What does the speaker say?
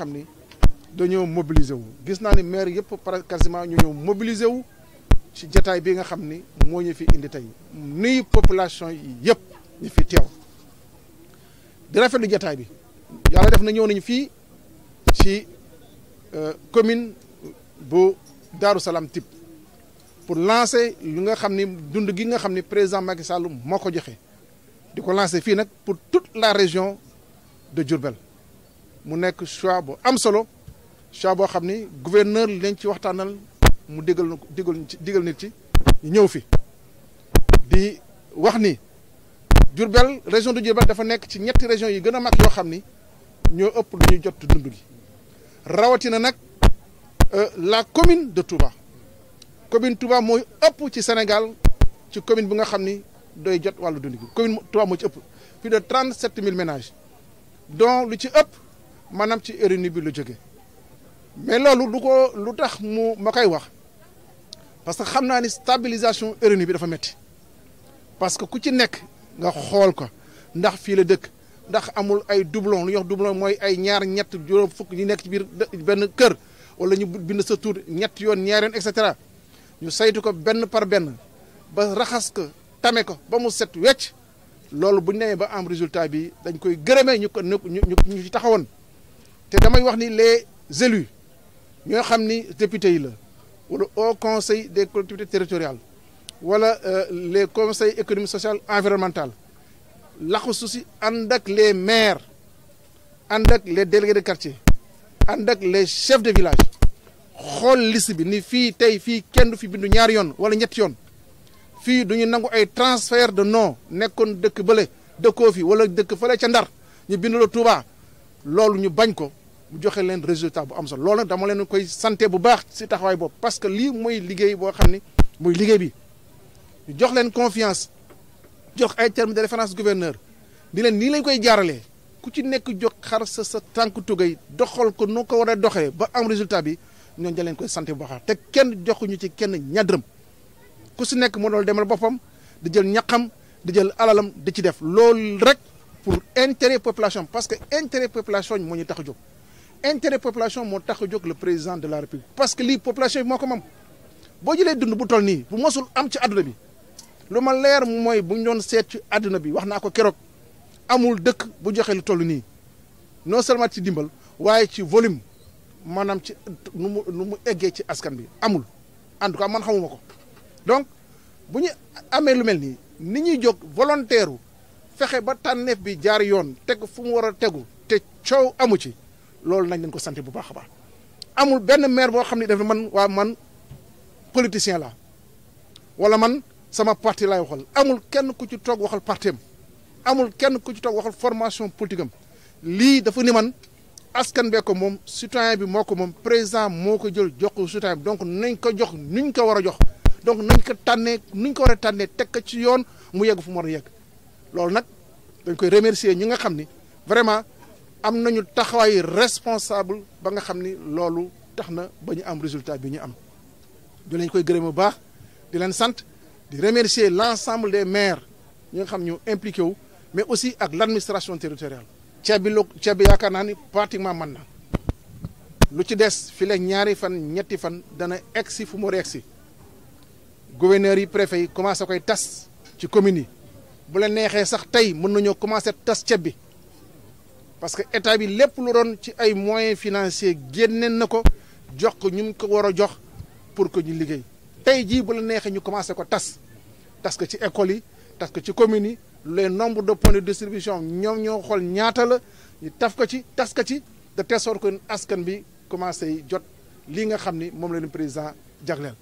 xam ni dañoo mobiliser wu gis naa ni maire yëpp par quasiment ñu ñëw mobiliser wu ci jataay bi nga xam ni moo ñu fi indi tey nuyu population yi yëpp ñu fi teew di rafetlu jataay bi yàlla def na ñëw nañu fii ci euh, commune bu Daaru Salaam pour lancer lu nga xam ni dund gi nga xam ni président Macky Sall moo ko joxe di ko lancer fii nag pour toute la région de Diourbel mu nekk choix bu am solo choix boo xam ni gouverneur li lañ ci waxtaanal mu digal na digal digal nit ci ñëw fi di wax ni Diourbel région de Diourbel dafa nekk ci ñetti région yi gën a mag yoo xam ni ñoo ëpp lu ñuy jot dund gi rawatina nag euh, la commune de Touba commune Touba mooy ëpp ci Sénégal ci commune bi nga xam ni doy jot wàllu dund gi commune Touba moo ci ëpp plus de trente sept mille ménage dont lu ci ëpp maanaam ci RNU bi la jóge mais loolu du ko lu tax mu ma koy wax parce que xam naa ni stabilisation RNU bi dafa métti parce que ku ci nekk nga xool ko ndax fii la dëkk ndax amul ay doublon lu ñuy wax doublon mooy ay ñaar ñett juróom fukk ñu nekk ci biir benn kër wala ñu bind sa tur ñett yoon ñaar yoon et cetera ñu saytu ko benn par benn ba raxas ko tame ko ba mu set wecc loolu bu ñu demee ba am résultat bi dañ koy gërëmee ñu ko ñu ñu ñu ci taxawoon. te damay wax ni les élus ñoo xam ni députés yi la wala au conseil des collectivités territoriale wala euh, les conseils économie sociale environnemental laxasu si ànd ak les maires ànd ak les délégués de quartier ànd ak les chef de village xool liste bi ni fii tey fii kenn du fi bindu ñaari yoon wala ñetti yoon fii du ñu nangu ay transfert de non nekkoon dëkk bële dëkkoo fi wala dëkk fële ca ndar ñu bindu la Touba loolu ñu bañ ko mu joxee leen résultat bu am solo loolu nag dama leen koy santé bu baax si taxawaay boobu parce que lii mooy liggéey boo xam ni muy liggéey bi jox leen confiance jox ay termes de référence gouverneur di leen nii lañ koy jaaralee ku ci nekk jox xar sa sa tànk tugay doxal ko noo ko war a doxee ba am résultat bi ñoon da leen koy santé bu baax te kenn joxuñu ci kenn ñadrëm ku si nekk moo doon demal boppam di jël ñaqam di jël alalam di ci def loolu rek pour intérêt population parce que intérêt population moo ñu tax a jóg intérêt population moo tax a jóg le président de la république parce que li population bi moo ko moom boo jëlee dund bu toll nii bu mosul am ci àdduna bi lu ma leer mooy bu ñoon doon seet ci àdduna bi wax naa ko keroog amul dëkk bu joxe lu toll nii non seulement ci dimbal waaye ci volume maanaam ci nu mu nu mu eggee ci askan bi amul en tout cas man xamuma ko donc bu ñu amee lu mel nii ni ñuy jóg volontaire fexe ba tànneef bi jaar yoon teg fu mu war a tegu te coow amu ci loolu nañ leen ko sante bu baax a baax amul benn maire boo xam ne daf man waa man politicien la wala man sama parti lay waxal amul kenn ku ci toog waxal parti am amul kenn ku ci toog waxal formation politique am lii dafa ni man askan bee ko moom citoyen bi moo ko moom président moo ko jël jox ko citoyen bi donc nañ ko jox nuñ ko war a jox donc nañ ko tànnee nuñ ko war a tànnee teg ko ci yoon mu yegg fu mu war a yegg loolu nag dañ koy remercier ñi nga xam ni vraiment am nañu taxawaay responsable ba nga xam ni loolu tax na ba ñu am résultat bi ñu am di lañ koy gërëm bu baax di leen sant di remercier l'ensemble des maire ñu nga xam ñu impliqué wu mais aussi ak l'administration territoriale ceeb bi lo ceeb bi yaakaar naa ni pratiquement mën na lu ci des fi leeg ñaari fan ñetti fan dana egsi fu mu egsi gouverneurs yi préfet yi commencé koy tas ci communes yi bu leen neexee sax tey mën nañoo commencé tas ceeb bi parce que état bi lépp lu doon ci ay moyens financiers génneen na ko jox ko ñu ko war a jox pour que ñu liggéey tey jii bu la neexee ñu commencé ko tas tas ko ci écoles yi tas ko ci communes yi les nombre de points de distribution ñoom ñoo xool ñaata la ñu taf ko ci tas ko ci de telle sorte que askan bi commencé jot lii nga xam ni moom la leen président jagleel.